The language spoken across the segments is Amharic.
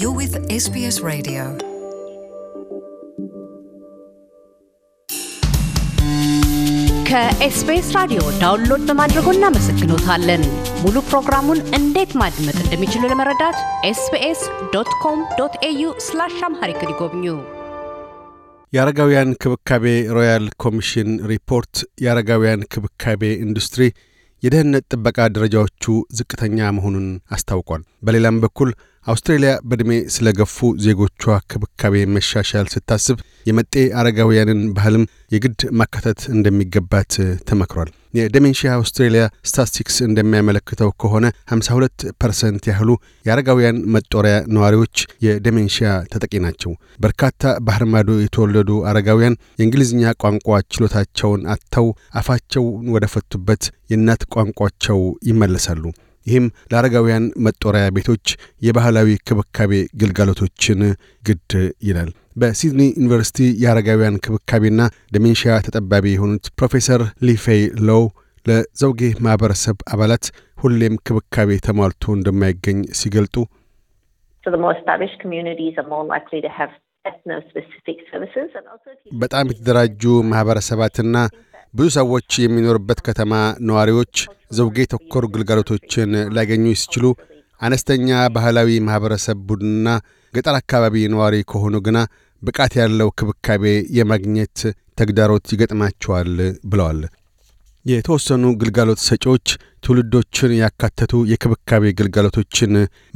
You're with SBS Radio. ከኤስቢኤስ ራዲዮ ዳውንሎድ በማድረጎ እናመሰግኖታለን። ሙሉ ፕሮግራሙን እንዴት ማድመጥ እንደሚችሉ ለመረዳት ኤስቢኤስ ዶት ኮም ዶት ኤዩ ስላሽ አምሃሪክ ይጎብኙ። የአረጋውያን ክብካቤ ሮያል ኮሚሽን ሪፖርት የአረጋውያን ክብካቤ ኢንዱስትሪ የደህንነት ጥበቃ ደረጃዎቹ ዝቅተኛ መሆኑን አስታውቋል። በሌላም በኩል አውስትሬልያ በዕድሜ ስለገፉ ዜጎቿ ክብካቤ መሻሻል ስታስብ የመጤ አረጋውያንን ባህልም የግድ ማካተት እንደሚገባት ተመክሯል። የደሜንሽያ አውስትሬልያ ስታስቲክስ እንደሚያመለክተው ከሆነ 52 ፐርሰንት ያህሉ የአረጋውያን መጦሪያ ነዋሪዎች የደሜንሽያ ተጠቂ ናቸው። በርካታ ባህር ማዶ የተወለዱ አረጋውያን የእንግሊዝኛ ቋንቋ ችሎታቸውን አጥተው አፋቸውን ወደፈቱበት የእናት ቋንቋቸው ይመለሳሉ። ይህም ለአረጋውያን መጦሪያ ቤቶች የባህላዊ ክብካቤ ግልጋሎቶችን ግድ ይላል። በሲድኒ ዩኒቨርሲቲ የአረጋውያን ክብካቤና ደሜንሽያ ተጠባቢ የሆኑት ፕሮፌሰር ሊፌይ ሎው ለዘውጌ ማህበረሰብ አባላት ሁሌም ክብካቤ ተሟልቶ እንደማይገኝ ሲገልጡ በጣም የተደራጁ ማህበረሰባትና ብዙ ሰዎች የሚኖርበት ከተማ ነዋሪዎች ዘውጌ ተኮር ግልጋሎቶችን ሊያገኙ ሲችሉ አነስተኛ ባህላዊ ማኅበረሰብ ቡድንና ገጠር አካባቢ ነዋሪ ከሆኑ ግና ብቃት ያለው ክብካቤ የማግኘት ተግዳሮት ይገጥማቸዋል ብለዋል። የተወሰኑ ግልጋሎት ሰጪዎች ትውልዶችን ያካተቱ የክብካቤ ግልጋሎቶችን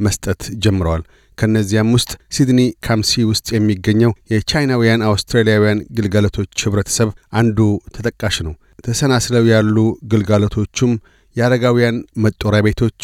መስጠት ጀምረዋል። ከእነዚያም ውስጥ ሲድኒ ካምሲ ውስጥ የሚገኘው የቻይናውያን አውስትራሊያውያን ግልጋሎቶች ህብረተሰብ አንዱ ተጠቃሽ ነው። ተሰናስለው ያሉ ግልጋሎቶቹም የአረጋውያን መጦሪያ ቤቶች፣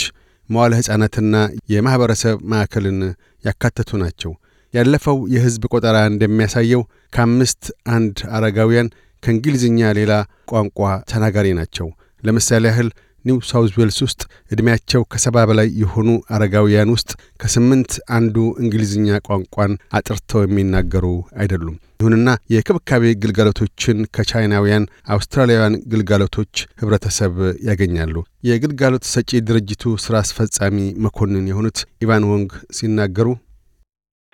መዋለ ሕፃናትና የማኅበረሰብ ማዕከልን ያካተቱ ናቸው። ያለፈው የሕዝብ ቆጠራ እንደሚያሳየው ከአምስት አንድ አረጋውያን ከእንግሊዝኛ ሌላ ቋንቋ ተናጋሪ ናቸው። ለምሳሌ ያህል ኒው ሳውዝ ዌልስ ውስጥ ዕድሜያቸው ከሰባ በላይ የሆኑ አረጋውያን ውስጥ ከስምንት አንዱ እንግሊዝኛ ቋንቋን አጥርተው የሚናገሩ አይደሉም። ይሁንና የክብካቤ ግልጋሎቶችን ከቻይናውያን፣ አውስትራሊያውያን ግልጋሎቶች ህብረተሰብ ያገኛሉ። የግልጋሎት ሰጪ ድርጅቱ ሥራ አስፈጻሚ መኮንን የሆኑት ኢቫን ወንግ ሲናገሩ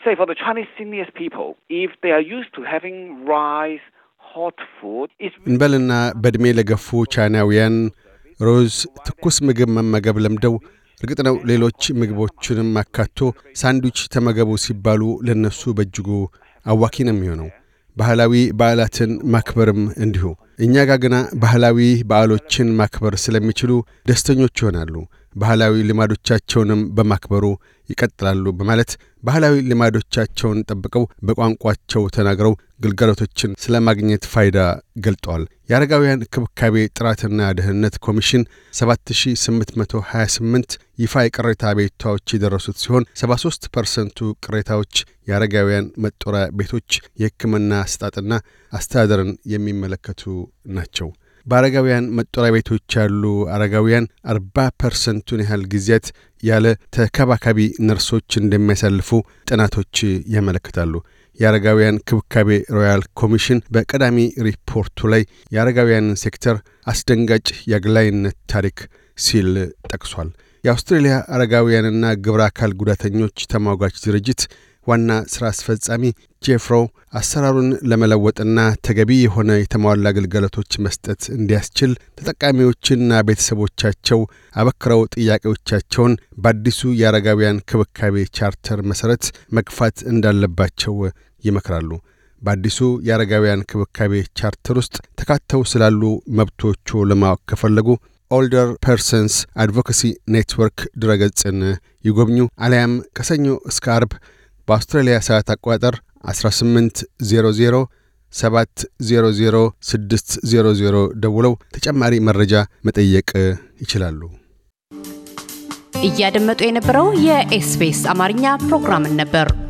say for the Chinese people, if they are used to having rice እንበልና በዕድሜ ለገፉ ቻይናውያን ሮዝ ትኩስ ምግብ መመገብ ለምደው እርግጥ ነው ሌሎች ምግቦችንም አካቶ ሳንዱች ተመገቡ ሲባሉ ለነሱ በእጅጉ አዋኪ ነው የሚሆነው። ባህላዊ በዓላትን ማክበርም እንዲሁ። እኛ ጋ ግና ባህላዊ በዓሎችን ማክበር ስለሚችሉ ደስተኞች ይሆናሉ። ባህላዊ ልማዶቻቸውንም በማክበሩ ይቀጥላሉ በማለት ባህላዊ ልማዶቻቸውን ጠብቀው በቋንቋቸው ተናግረው ግልጋሎቶችን ስለ ማግኘት ፋይዳ ገልጠዋል። የአረጋውያን ክብካቤ ጥራትና ደህንነት ኮሚሽን 7828 ይፋ የቅሬታ ቤቷዎች የደረሱት ሲሆን 73 ፐርሰንቱ ቅሬታዎች የአረጋውያን መጦሪያ ቤቶች፣ የህክምና አስጣጥና አስተዳደርን የሚመለከቱ ናቸው። በአረጋውያን መጦሪያ ቤቶች ያሉ አረጋውያን አርባ ፐርሰንቱን ያህል ጊዜያት ያለ ተከባካቢ ነርሶች እንደሚያሳልፉ ጥናቶች ያመለክታሉ። የአረጋውያን ክብካቤ ሮያል ኮሚሽን በቀዳሚ ሪፖርቱ ላይ የአረጋውያን ሴክተር አስደንጋጭ የአግላይነት ታሪክ ሲል ጠቅሷል። የአውስትሬልያ አረጋውያንና ግብረ አካል ጉዳተኞች ተሟጋች ድርጅት ዋና ሥራ አስፈጻሚ ጄፍሮ አሰራሩን ለመለወጥና ተገቢ የሆነ የተሟላ አገልግሎቶች መስጠት እንዲያስችል ተጠቃሚዎችና ቤተሰቦቻቸው አበክረው ጥያቄዎቻቸውን በአዲሱ የአረጋውያን ክብካቤ ቻርተር መሠረት መግፋት እንዳለባቸው ይመክራሉ። በአዲሱ የአረጋውያን ክብካቤ ቻርተር ውስጥ ተካተው ስላሉ መብቶቹ ለማወቅ ከፈለጉ ኦልደር ፐርሰንስ አድቮካሲ ኔትወርክ ድረገጽን ይጎብኙ። አሊያም ከሰኞ እስከ አርብ በአውስትራሊያ ሰዓት አቆጣጠር 1800 ደውለው ተጨማሪ መረጃ መጠየቅ ይችላሉ። እያደመጡ የነበረው የኤስቢኤስ አማርኛ ፕሮግራምን ነበር።